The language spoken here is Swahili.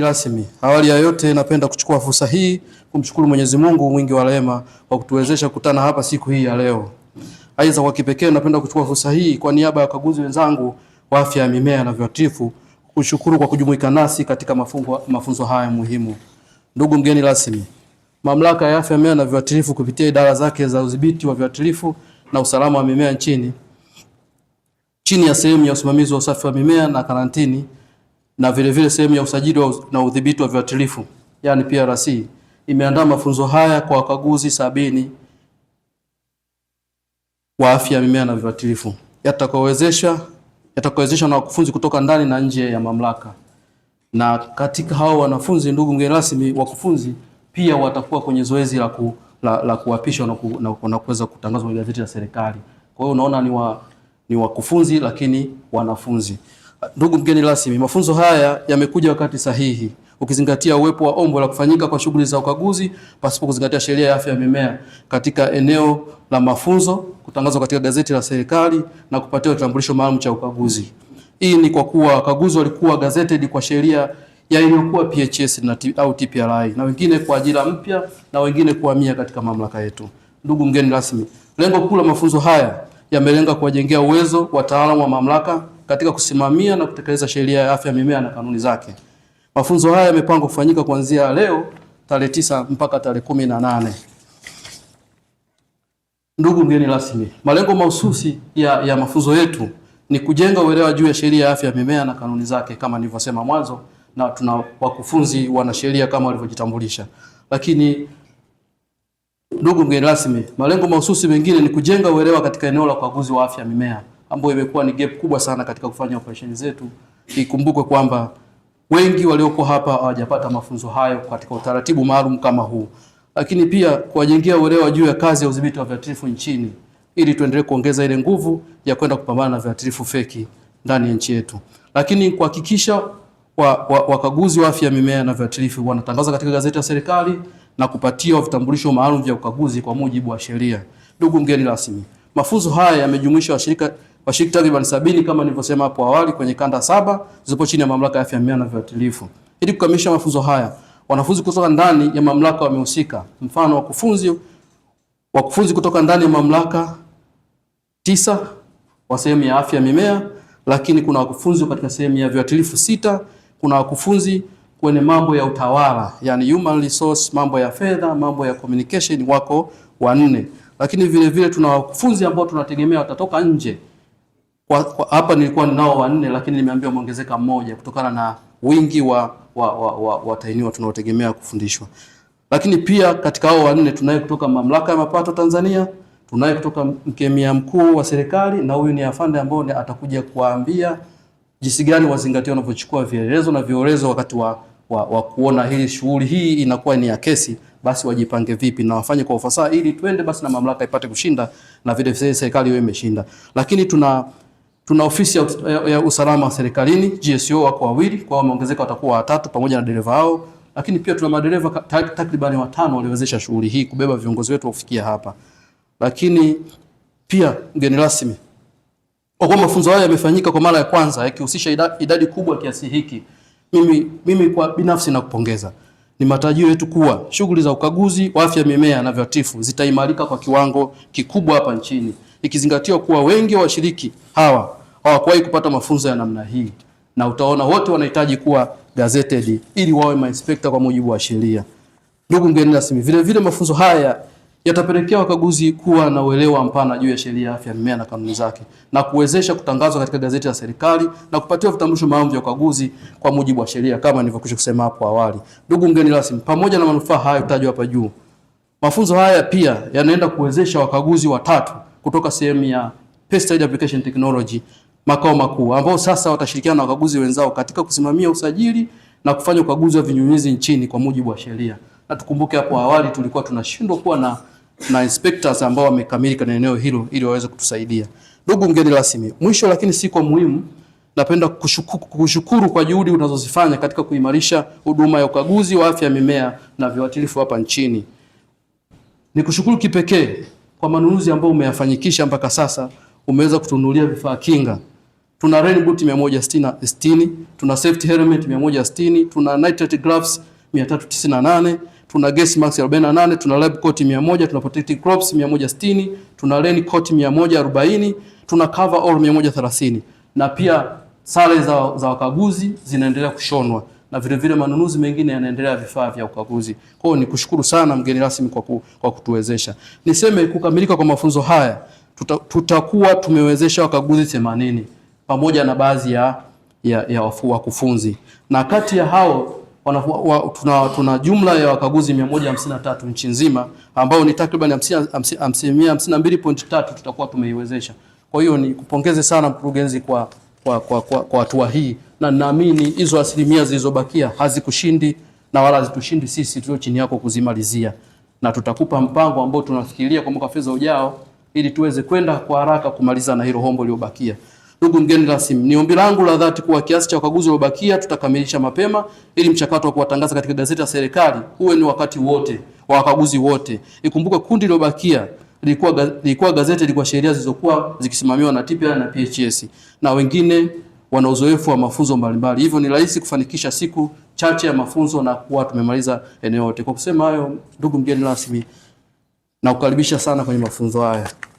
Mgeni rasmi, awali ya yote napenda kuchukua fursa hii kumshukuru Mwenyezi Mungu mwingi wa rehema kwa kutuwezesha kukutana hapa siku hii ya leo. Aidha, kwa kipekee napenda kuchukua fursa hii kwa niaba ya wakaguzi wenzangu wa afya ya mimea na viuatilifu kushukuru kwa kujumuika nasi katika mafungo, mafunzo haya muhimu. Ndugu mgeni rasmi, Mamlaka ya Afya ya Mimea na Viuatilifu kupitia idara zake za udhibiti wa viuatilifu na usalama wa mimea nchini chini ya sehemu ya usimamizi wa usafi wa mimea na karantini na vilevile sehemu ya usajili na udhibiti wa viuatilifu yani PRC imeandaa mafunzo haya kwa wakaguzi sabini wa afya ya mimea na viuatilifu yatakowezesha yatakowezesha na wakufunzi kutoka ndani na nje ya mamlaka. Na katika hao wanafunzi, ndugu mgeni rasmi, wakufunzi pia watakuwa kwenye zoezi la, ku, la, la kuapishwa na, ku, na, na kuweza kutangazwa kwenye gazeti la serikali. Kwa hiyo unaona ni, wa, ni wakufunzi lakini wanafunzi Ndugu mgeni rasmi, mafunzo haya yamekuja wakati sahihi ukizingatia uwepo wa ombo la kufanyika kwa shughuli za ukaguzi pasipo kuzingatia sheria ya afya ya mimea katika eneo la mafunzo, kutangazwa katika gazeti la serikali na kupatiwa kitambulisho maalum cha ukaguzi. Hii ni kwa kuwa wakaguzi walikuwa gazetted kwa sheria ya iliyokuwa PHS na au TPRI na wengine kwa ajira mpya na wengine kuhamia katika mamlaka yetu. Ndugu mgeni rasmi, lengo kuu la mafunzo haya yamelenga kuwajengea uwezo wataalamu wa mamlaka katika kusimamia na kutekeleza sheria ya afya ya mimea na kanuni zake. Mafunzo haya yamepangwa kufanyika kuanzia leo tarehe tisa mpaka tarehe kumi na nane. Ndugu mgeni rasmi, malengo mahususi ya, ya mafunzo yetu ni kujenga uelewa juu ya sheria ya afya ya mimea na kanuni zake kama nilivyosema mwanzo, na tuna wakufunzi wana sheria kama walivyojitambulisha. Lakini ndugu mgeni rasmi, malengo mahususi mengine ni kujenga uelewa katika eneo la ukaguzi wa afya ya mimea ambayo imekuwa ni gap kubwa sana katika kufanya operesheni zetu. Ikumbukwe kwamba wengi walioko hapa hawajapata mafunzo hayo katika utaratibu maalum kama huu, lakini pia kuwajengea uelewa juu ya kazi ya udhibiti wa viuatilifu nchini ili tuendelee kuongeza ile nguvu ya kwenda kupambana na viuatilifu feki ndani ya nchi yetu, lakini kuhakikisha wa, wa, wakaguzi wa afya ya mimea na viuatilifu wanatangaza katika gazeti la serikali na kupatiwa vitambulisho maalum vya ukaguzi kwa mujibu wa sheria. Ndugu mgeni rasmi, mafunzo haya yamejumuisha washirika washirika takriban sabini kama nilivyosema hapo awali kwenye kanda saba zipo chini ya mamlaka ya afya ya mimea na viuatilifu. Ili kukamilisha mafunzo haya, wanafunzi kutoka ndani ya mamlaka wamehusika. Mfano, wakufunzi wakufunzi kutoka ndani ya mamlaka tisa wa sehemu ya afya ya mimea, lakini kuna wakufunzi katika sehemu ya viuatilifu sita, kuna wakufunzi kwenye mambo ya utawala, yani human resource, mambo ya fedha, mambo ya communication wako wanne, lakini vile vile tuna wakufunzi ambao tunategemea watatoka nje kwa, kwa, hapa nilikuwa ninao wanne, lakini nimeambiwa mwongezeka mmoja kutokana na wingi wa watahiniwa wa, wa, wa tunaotegemea kufundishwa. Lakini pia katika hao wanne tunaye kutoka Mamlaka ya Mapato Tanzania, tunaye kutoka mkemia mkuu wa serikali, na huyu ni afande ambaye atakuja kuambia jinsi gani wazingatia wanavyochukua vielelezo na viorezo wakati wa, wa, wa kuona hili shughuli hii inakuwa ni ya kesi, basi wajipange vipi na wafanye kwa ufasaha, ili twende basi na mamlaka ipate kushinda na vile serikali iwe imeshinda. Lakini tuna Tuna ofisi ya, ya, ya usalama wa serikalini GSO wako wawili, kwa wameongezeka watakuwa watatu pamoja na dereva wao, lakini pia tuna madereva takribani watano waliwezesha shughuli hii kubeba viongozi wetu kufikia hapa. Lakini pia mgeni rasmi, kwa kuwa mafunzo haya yamefanyika kwa mara ya kwanza yakihusisha idadi, idadi kubwa kiasi hiki, mimi, mimi kwa binafsi nakupongeza. Ni matarajio yetu kuwa shughuli za ukaguzi wa afya mimea na viuatilifu zitaimarika kwa kiwango kikubwa hapa nchini, ikizingatiwa kuwa wengi wa washiriki hawa hawakuwahi kupata mafunzo ya namna hii, na utaona wote wanahitaji kuwa gazetted ili wawe mainspekta kwa mujibu wa sheria. Ndugu mgeni rasmi, vile vile mafunzo haya yatapelekea wakaguzi kuwa na uelewa mpana juu ya sheria ya afya mimea na kanuni zake na kuwezesha kutangazwa katika gazeti la serikali na kupatiwa vitambulisho maalum vya ukaguzi kwa mujibu wa sheria kama nilivyokwisha kusema hapo awali. Ndugu mgeni rasmi, pamoja na manufaa hayo tajwa hapa juu, mafunzo haya pia yanaenda kuwezesha wakaguzi watatu kutoka sehemu ya pesticide application technology makao makuu ambao sasa watashirikiana na wakaguzi wenzao katika kusimamia usajili na kufanya ukaguzi wa vinyunyizi nchini kwa mujibu wa sheria. Na tukumbuke hapo awali tulikuwa tunashindwa kuwa na, na inspectors ambao wamekamilika na eneo hilo ili waweze kutusaidia. Ndugu mgeni rasmi, mwisho lakini si kwa muhimu, napenda kushukuru, kushukuru kwa juhudi unazozifanya katika kuimarisha huduma ya ukaguzi wa afya ya mimea na viuatilifu hapa nchini. Nikushukuru kipekee kwa manunuzi ambayo umeyafanyikisha mpaka sasa, umeweza kutunulia vifaa kinga tuna rain boot 160, tuna safety helmet 160, tuna nitrate gloves 398, tuna gas mask 48, tuna lab coat 100, tuna protective crops 160, tuna rain coat 140, tuna cover all 130 na pia sare za, za wakaguzi zinaendelea kushonwa na vile vile manunuzi mengine yanaendelea vifaa vya ukaguzi. Kwa hiyo nikushukuru sana mgeni rasmi kwa, ku, kwa kutuwezesha. Niseme kukamilika kwa mafunzo haya tuta, tutakuwa tumewezesha wakaguzi 80 pamoja na baadhi ya, ya, ya wakufunzi na kati ya hao wa, tuna, tuna jumla ya wakaguzi 153 nchi nzima ambao ni takriban 52.3 tutakuwa tumeiwezesha. Kwa hiyo ni kupongeze sana mkurugenzi kwa kwa, kwa, kwa, kwa hatua hii, na naamini hizo asilimia zilizobakia hazikushindi na wala hazitushindi sisi tulio chini yako kuzimalizia, na tutakupa mpango ambao tunafikiria kwa mwaka fedha ujao, ili tuweze kwenda kwa haraka kumaliza na hilo hombo lililobakia. Ndugu mgeni rasmi, ni ombi langu la dhati kuwa kiasi cha ukaguzi uliobakia tutakamilisha mapema ili mchakato wa kuwatangaza katika gazeti la serikali uwe ni wakati wote wa wakaguzi wote. Ikumbuke kundi lililobakia lilikuwa lilikuwa gazeti lilikuwa sheria zilizokuwa zikisimamiwa na TPA na PHS na wengine wana uzoefu wa mafunzo mbalimbali, hivyo ni rahisi kufanikisha siku chache ya mafunzo na kuwa tumemaliza eneo lote. Kwa kusema hayo, ndugu mgeni rasmi, na kukaribisha sana kwenye mafunzo haya.